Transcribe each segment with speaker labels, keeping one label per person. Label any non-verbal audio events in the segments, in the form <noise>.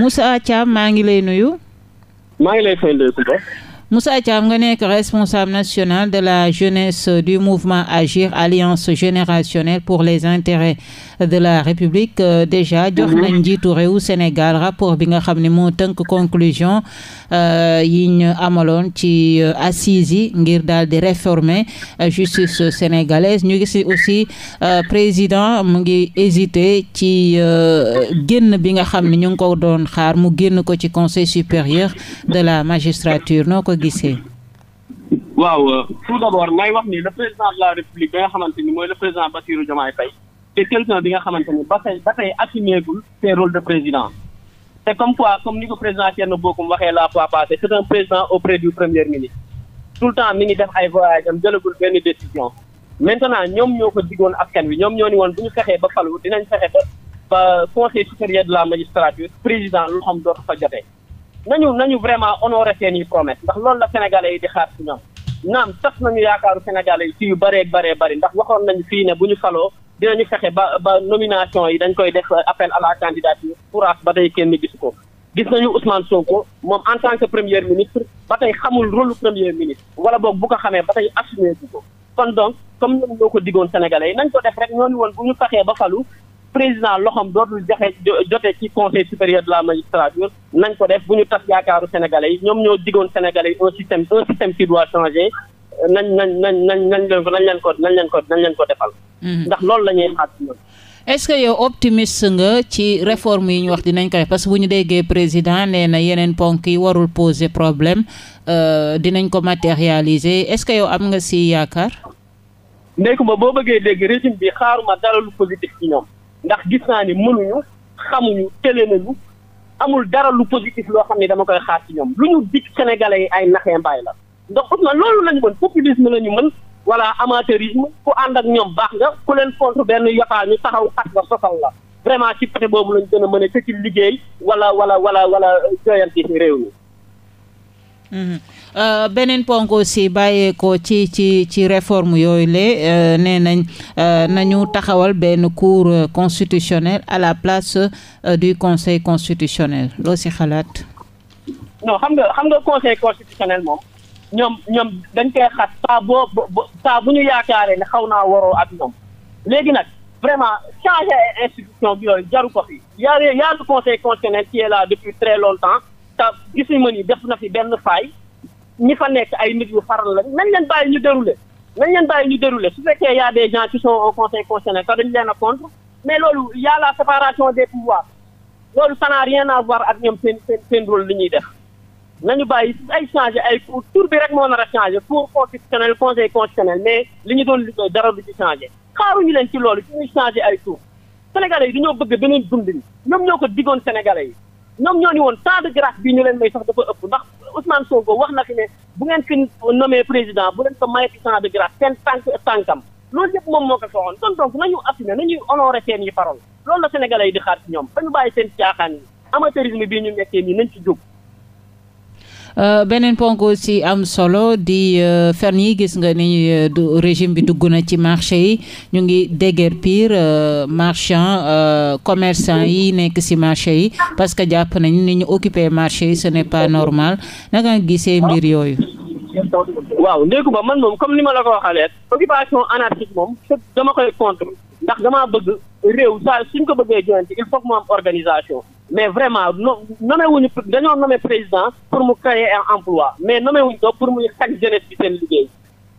Speaker 1: Moussa Thiam maa ngi lay
Speaker 2: nuyu. maa ngi lay fay
Speaker 1: Moussa Thiam nga nekk responsable national de la jeunesse du mouvement Agir alliance générationnelle pour les intérêts de la République euh, déjà jox mhm. nañ njiitu réew Sénégal rapport bi nga xam ne moo tënk conclusion euh, yi ñu amaloon ci euh, assises yi ngir daal di réformer justice sénégalaise ñu gis aussi président mu ngi hésité ci génn bi nga xam ne ñu ngi ko doon xaar mu génn ko ci conseil supérieur de la magistrature gisee.
Speaker 2: waaw euh, tout d'abord may wax ni le président de la république bi nga xamante mooy le président Bassirou Diomaye Faye te quelqu'un bi nga xamante ba tey ba tey assumeegul ses rôles de président te comme quoi comme ni ko président Thierno Bocoum waxee la fois passée c'est un président auprès du premier ministre tout mi ngi def ay voyage am jëlagul benn décision maintenant ñoom ñoo ko digoon askan wi ñoom ñoo ni woon bu ñu fexee ba falu dinañ fexe ba la magistrature président lu xam dootu nañu nañu vraiment honoré seen i promesse ndax loolu la sénégalais yi di xaar ci ñoom naam tas nañu yaakaaru sénégalais yi ci yu bëree baree bari ndax waxoon nañu fii ne bu ñu faloo dinañu fexe ba ba nomination yi dañ koy def euh, appel à la candidature pourage ba tey kenn gisu ko gis nañu Ousmane ko moom en tant que premier ministre ba tey xamul rôle premier ministre wala boog bu ko xamee ba tey assumé ko kon donc comme ñoom ñoo ko diggoon sénégalais yi nañ ko def rek ñooñu woon bu ñu fexee ba falu président loxoom dootul joxe jote ci conseil supérieur de la magistrature nañ ko def bu ñu tas yaakaaru sénégalais yi ñoom ñoo diggoon sénégalais yi un système un système qui doit changer nañ nañ nañ leen ko nañ leen ko nañ leen ko nañ leen ko defal. Mhm. ndax loolu la ñuy xaat
Speaker 1: est-ce que yow optimiste nga ci réforme yi ñu wax dinañ ko def parce que bu ñu déggee président nee na yeneen ponk yi warul poser problème euh, dinañ ko matérialiser est-ce que yow am nga si yaakaar.
Speaker 2: ndeyku ma boo bëggee dégg régime bi xaaruma dara lu positif ci ndax gis naa ni mënuñu xamuñu télé nañu amul dara lu positif loo xam ne dama koy xaar ci ñoom lu ñu dig sénégalais yi ay naxee mbaay la ndax ut na loolu lañu mën populisme la ñu mën wala amateurisme ku ànd ak ñoom baax nga ku leen contre benn yotaa ñu taxaw xat nga sosal la vraiment ci côté boobu lañ gën a mën liggéey wala wala wala wala jooyanti si réew yi
Speaker 1: Mhm. Euh, beneen ponk aussi bàyyeekoo ci ci ci réforme yooyu le euh, nee nañ euh, nañu taxawal benn cour constitutionnel à la place du conseil constitutionnel loo si xalaat.
Speaker 2: non xam nga xam nga conseil constitutionnel moom. ñoom ñoom dañ koy xat saa boo saa bu ñu yaakaaree ne xaw naa waroo ak ñoom léegi nag vraiment changer institution bi yooyu jaru ko fi. y a y a le conseil constitutionnel qui est là depuis très longtemps. te gisuñu ma ni def na fi benn faay ñi fa nekk ay nit yu faral la nañ leen bàyyi ñu déroulé nañ leen bàyyi ñu déroulé su fekkee y a des gens qui sont au conseil constitutionnel te dañ leen a contre mais loolu y a la séparation des pouvoirs loolu ça n'a rien à voir ak ñoom seen seen seen rôle li ñuy def nañu bàyyi ay changé ay pour tur bi rek moo nar a changé pour constitutionnel conseil constitutionnel mais li ñu doon liggéey dara du ci changé ñu leen ci loolu ci ñuy ay tur sénégalais yi dañoo bëgg beneen dundin ñoo ko digoon sénégalais yi ñoom ñoo ni woon temps de grâce bi ñu leen may sax dafa ëpp ndax Ousmane Sonko wax na fi ne bu ngeen fi nommé président bu leen ko mayati temps de grâce seen tànk tànkam loolu yëpp moom moo ko soxoon kon donc nañu assumer nañuy honoré seen yi parole loolu la sénégalais yi di xaar ci ñoom dañu bàyyi seen caaxaan yi amateurisme bii ñu nekkee nii nañ ci jóg
Speaker 1: Euh, beneen ponko si am solo di euh, fan yi gis nga ni euh, du régime bi dugg na ci marché yi ñu ngi dégger déguerpir marchand commerçant yi nekk si marché yi parce que jàpp nañu ni ñu occupé marché yi ce n'est pas normal naka nga gisee mbir yooyu.
Speaker 2: waaw ndéku ba man moom comme ni ma la ko waxalee occupation anarchique moom dama koy contre ndax damaa bëgg réew saa suñ ko bëggee joxante il faut que organisation. mais vraiment no nommé wuñu dañoo nommé président pour mu créer un emploi mais nommé wuñu pour mu xaj jeunesse bi seen liggéey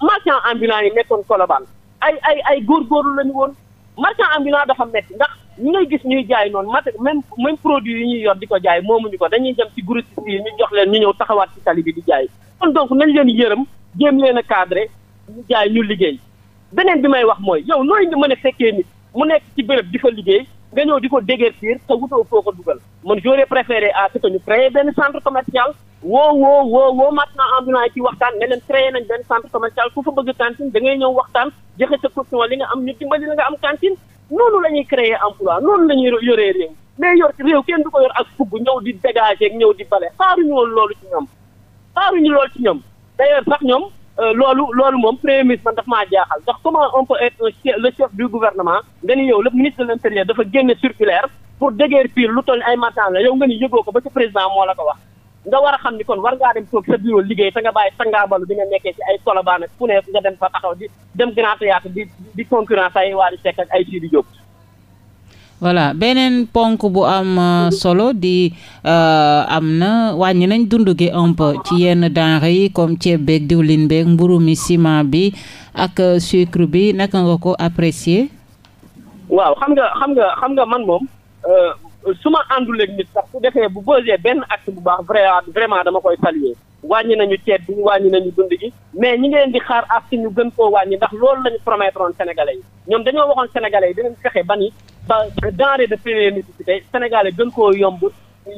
Speaker 2: marchand ambulant yi nekkoon Colobane ay ay ay góorgóorlu lañu woon marchand ambulant dafa metti ndax ñi ngay gis ñuy jaay noonu mat même même produit yi ñuy yor di ko jaay ñu ko dañuy dem ci groupe yi ñu jox leen ñu ñëw taxawaat ci tali bi di jaay kon donc nañ leen yërëm jéem leen a cadré ñu jaay ñu liggéey beneen bi may wax mooy yow nooy mën a fekkee nit mu nekk ci béréb di fa liggéey nga ñëw di ko déguerpir te wutoo foo ko dugal man j'aurais préféré à ce ñu créé benn centre commercial woo woo woo woo maintenant ambulant yi ci waxtaan ne leen créé nañ benn centre commercial ku fa bëgg cantine da ngay ñëw waxtaan joxe sa caution li nga am ñu dimbali la nga am cantine noonu la ñuy créer emploi noonu la ñuy yoree réew mais yor réew kenn du ko yor ak fugg ñëw di dégager ak ñëw di bale xaaruñu woon loolu ci ñoom ñu lool ci ñoom d'ailleurs sax ñoom Euh, loolu loolu moom premier ministre man daf maa jaaxal ndax comment on peut chef du gouvernement nga ni yow le ministre de l'intérieur dafa génne circulaire pour déguerpir lu toll ay mataan la yow nga ni yëgoo ko ba ci président moo la ko wax nga war a xam ni kon war ngaa dem toog sa bureau liggéey te nga bàyyi sangaabalu bi nga nekkee ci ay Colobane ak fu ne nga dem fa taxaw di dem Grand Théâtre di di concurrence ay Wally Seck ak ay Sidi Diop
Speaker 1: voilà beneen ponk bu am euh, solo di euh, am na wàññi nañ dund gi un peu ci yenn denrées yi comme ceeb beeg diwlin beeg mburu mi ciment bi ak euh, sucre bi naka nga ko apprécier.
Speaker 2: waaw xam nga xam nga xam nga man moom su ma ànduleeg nit sax su defee bu posé benn acte bu baax vraiment dama koy saluer wàññi nañu ceeb bi wàññi nañu dund gi mais ñi ngi leen di xaar ak ñu gën koo wàññi ndax loolu lañu promettre woon sénégalais yi ñoom dañoo waxoon sénégalais yi dinañ fexe ba ni ba denrée de première nécessité Sénégal gën koo yomb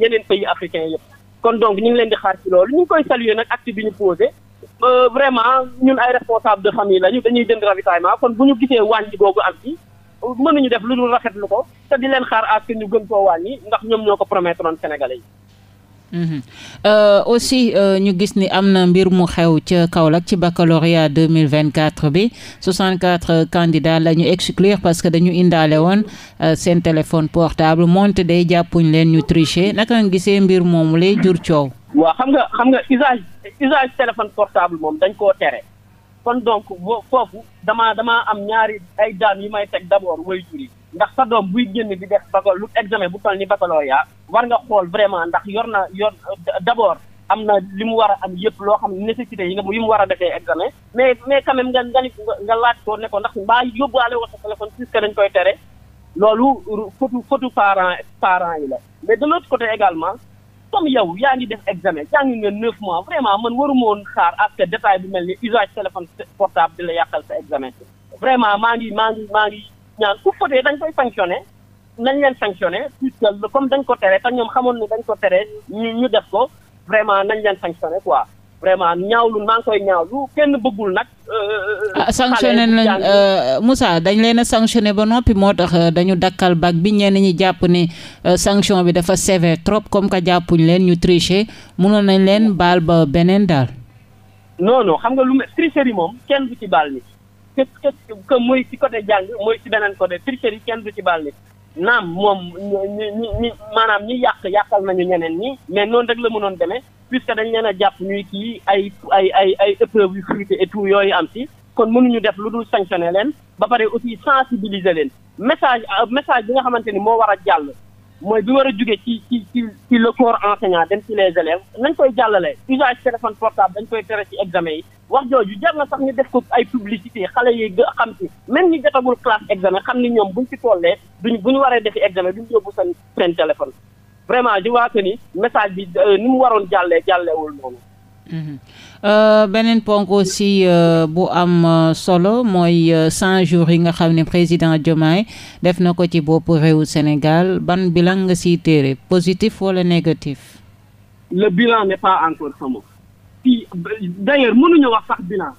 Speaker 2: yeneen pays africains yëpp kon donc ñu ngi leen di xaar ci loolu ñu ngi koy saluer nag acte bi ñu posé euh, vraiment ñun ay responsable de famille lañu dañuy jënd ravitaillement kon bu ñu gisee wàññi googu am ci mënuñu def lu dul rafetlu ko te di leen xaar à ce ñu gën koo wàññi ndax ñoom ñoo ko promettre woon Sénégalais yi
Speaker 1: Mhm. Euh, aussi euh, ñu gis ni am na mbir mu xew ca Kaolack ci baccalauréat deux mille vingt quatre bi soixante quatre candidats la ñu exclure parce que dañu indaale woon euh, seen téléphone portable moonte day jàppuñ leen ñu tricher naka nga gisee mbir moomu lay jur coow.
Speaker 2: waa xam nga xam nga usage usage téléphone portable moom dañ koo tere. kon donc foofu dama dama am ñaari ay daan yi may teg d'abord way jur ndax sa doom buy génn di def baccalauréat lu examen bu toll ni baccalauréat war nga xool vraiment ndax yor na yor d'abord am na li mu war a am yëpp loo xam ne nécessité yi nga yi mu war a defee examen mais mais quand même nga nga nga laaj ko ne ko ndax mbaa yóbbuwaale woo sa téléphone puisque dañ koy tere loolu fotu fotu parent parent yi la mais de l'autre côté également comme yow yaa ngi def examen jàng nga neuf mois vraiment man waruma woon xaar ak détail bu mel ni usage téléphone portable di la yàqal sa examen ñaan ku fotee dañ koy sanctionné nañ leen sanctionné puisque comme dañ ko tere te ñoom xamoon ni dañ ko tere ñu def ko vraiment nañ leen sanctionné quoi vraiment ñaawlu maa ngi koy ñaawlu kenn bëggul nag. Euh, ah sanctionné nañ euh,
Speaker 1: Moussa dañ leen a sanctionné ba noppi moo tax euh, dañu dakkal bac bi ñenn ñi jàpp ne sanction bi dafa sévère trop comme que jàppuñ leen ñu tricher mënoon nañ leen baal ba beneen daal.
Speaker 2: non xam nga lu tricherie moom kenn du ci baal ni que que muy ci côté jàng mooy ci beneen côté tricherie kenn du ci baal nit naam moom ñi ñi ñi maanaam ñi yàq yàqal nañu ñeneen ñi mais noonu rek la mënoon demee puisque dañ leen a jàpp ñuy kii ay ay ay ay épreuve yu fruité yooyu am ci kon mënuñu def lu dul sanctionner leen ba pare aussi sensibiliser leen message euh, message bi nga xamante ni moo war a jàll mooy bi war a jóge ci ci ci ci le dem ci les élèves nañ koy jàllale usage téléphone portable dañ koy yi wax jooju jar na sax ñu def ko ay publicité xale yi xam ci même ñi jotagul classe examen xam ni ñoom buñ ci tollee duñ bu ñu waree defi examen duñ yóbbu seen seen téléphone vraiment di waa que ni message bi euh, ni mu waroon jàllee jàlleewul noonu.
Speaker 1: Mhm. Euh, beneen ponk aussi euh, bu am solo mooy cent jours yi nga xam ne président Diomaye def na ko ci bopp réewu Sénégal ban bilan nga siy téere positif wala négatif.
Speaker 2: le bilan n'est pas encore sama. fii d' ailleurs mënuñu wax sax bilan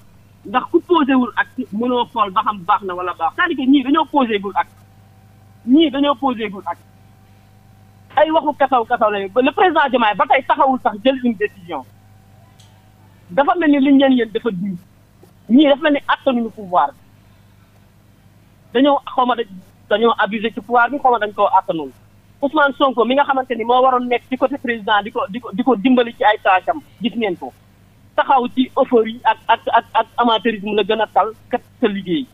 Speaker 2: ndax ku posé ak acte mënoo xool ba xam baax na wala baax c'est-à-dire ñii dañoo posé ak ñii dañoo posé ak ay waxu kasaw kasaw la ba le président Diomaye ba tey taxawul sax jël une décision dafa mel ni liñ leen yéen dafa diis ñii dafa mel ni attanuñu pouvoir dañoo xaw ma dañoo abusé ci pouvoir bi xaw ma dañ koo attanul Ousmane Sonko mi nga xamante ni moo waroon nekk ci côté président di ko di ko di ko dimbali ci ay tâche gis ngeen ko. taxaw ci offre yi ak ak ak ak amateurisme la gën a tal kat sa liggéey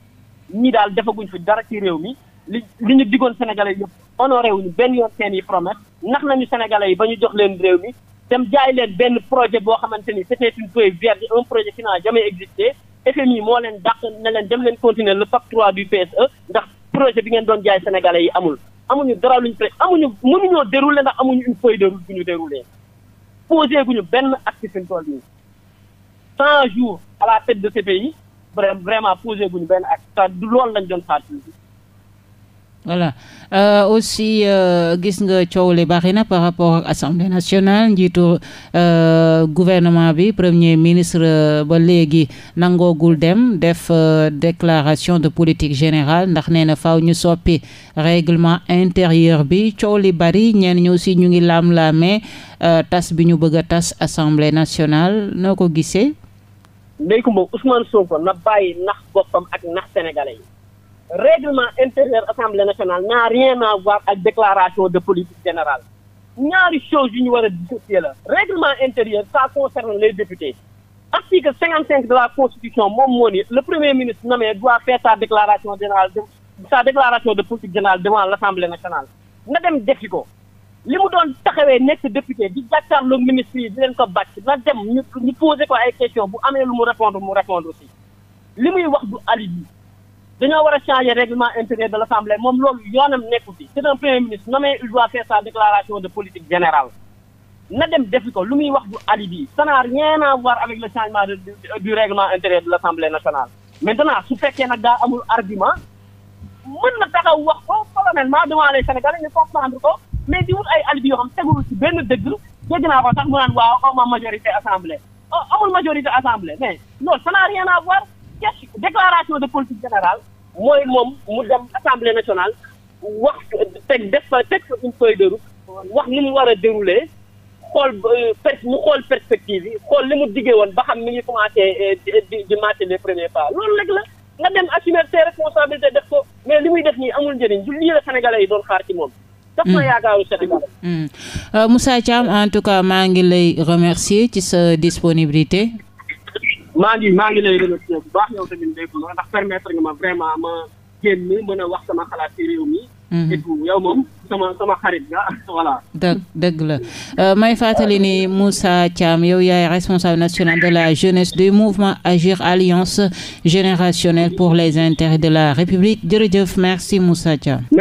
Speaker 2: ñii daal defaguñ fi dara ci réew mi li li ñu diggoon sénégalais yëpp honoré wuñu benn yoon seen yi promesse nax nañu sénégalais yi ba ñu jox leen réew mi dem jaay leen benn projet boo xamante ni c'était une feuille vierge un projet qui n'a jamais existé FMI moo leen dàq na leen dem leen continuer le PAC 3 du PSE ndax projet bi ngeen doon jaay sénégalais yi amul amuñu dara luñ pré amuñu mënuñoo dérouler ndax amuñu une feuille de route bu ñu dérouler posé guñu benn acte fi mu toll cent jours à la tête de ce pays vraiment posé guñu benn du loolu lañ doon xaar
Speaker 1: voilà euh, euh, gis nga coow li bari na par rapport ak assemblée nationale njiitu euh, gouvernement bi premier ministre ba léegi nangoogul dem def déclaration de politique générale ndax nee na faaw ñu soppi règlement intérieur bi coow li bari ñenn ñu aussi ñu ngi laam-laamee tas bi ñu bëgg a tas assemblée nationale noo ko gisee.
Speaker 2: Ndeye Comba Ousmane Sonko na bàyyi nax boppam ak nax sénégalais yi règlement intérieur assemblée nationale n'a rien à voir ak déclaration de politique générale ñaari choses yu ñu war a dissocier la règlement intérieur ça concerne les députés article cinquante cinq de la constitution moom moo ni le premier na nommé doit faire sa déclaration générale sa déclaration de politique générale devant l'assemblée nationale na dem defi ko taxawee nekk député di jàkkaarloo ministre yi di leen ko bàcc na dem ñu ñu posé ko ay question bu amee lu mu répondre mu répondre aussi li muy wax du alibi dañoo war a changer règlement intérieur de l'Assemblée moom loolu yoonam nekku fi c'est un premier ministre nommé il doit faire sa déclaration de politique générale na dem defi ko lu muy wax du alibi ça n'a rien à voir avec le changement du règlement intérieur de l'Assemblée nationale maintenant su fekkee nag daa amul argument mën na taxaw wax ko solennellement devant les Sénégalais ñu comprendre ko mais di wut ay alibi yoo xam tegul ci benn dëgg dégg naa ko sax mu naan waaw xaw ma majorité assemblée amul majorité assemblée mais loolu ça n'a rien à voir de politique générale mooy moom mu dem assemblée national wax teg def fa teg fa une wax ni mu war a dérouler xool per mu xool perspective yi xool li mu diggee woon ba xam mi ngi commencé eh, di di marcher les premiers loolu rek la nga dem assumer ses responsabilités def ko mais li muy def nii amul njëriñ du lii la yi doon xaar ci moom daf na yaakaaru Sénégal. Mm.
Speaker 1: Euh, Moussa Thiam en tout cas maa ngi lay remercier ci sa disponibilité.
Speaker 2: maa ngi maa ngi lay remercier bu baax yow tamit dégg nga ndax permettre nga ma vraiment ma génn mën a wax sama xalaat ci réew mi. Mm-hmm. yow moom sama sama xarit nga <laughs> voilà.
Speaker 1: dëgg dëgg la euh, may fàttali ni Moussa Thiam yow yaay responsable national de la jeunesse du mouvement Agir alliance générationnelle pour les intérêts de la République jërëjëf merci Moussa Thiam.